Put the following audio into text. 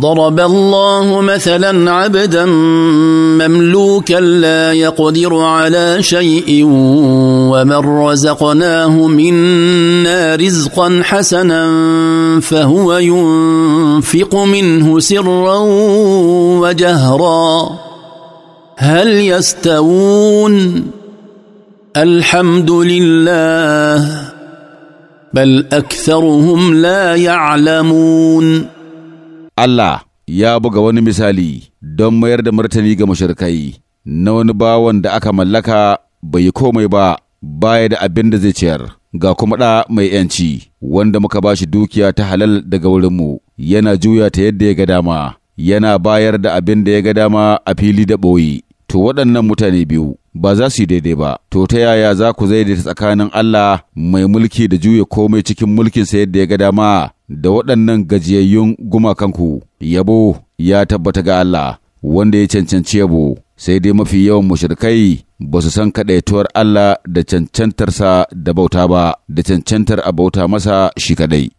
ضرب الله مثلا عبدا مملوكا لا يقدر على شيء ومن رزقناه منا رزقا حسنا فهو ينفق منه سرا وجهرا هل يستوون الحمد لله بل اكثرهم لا يعلمون Allah ya buga wani misali don mayar da martani ga mashirkai na wani bawan da aka mallaka bai yi komai ba baya da abin da zai ciyar ga kuma ɗa mai ‘yanci wanda muka ba shi dukiya ta halal daga wurinmu yana juya ta yadda ya ga dama yana bayar da abin da ya ga dama a fili da ɓoye to waɗannan mutane biyu ba za su yi daidai ba, to ta yaya za ku zaidaita tsakanin Allah mai mulki da juya komai cikin mulkinsa yadda ya ga dama da waɗannan gajiyayyun gumakanku, yabo ya tabbata ga Allah wanda ya cancanci yabo, sai dai mafi yawan mushrikai ba su san kaɗaituwar Allah da cancantarsa da bauta ba, da cancantar a bauta masa shi kaɗai.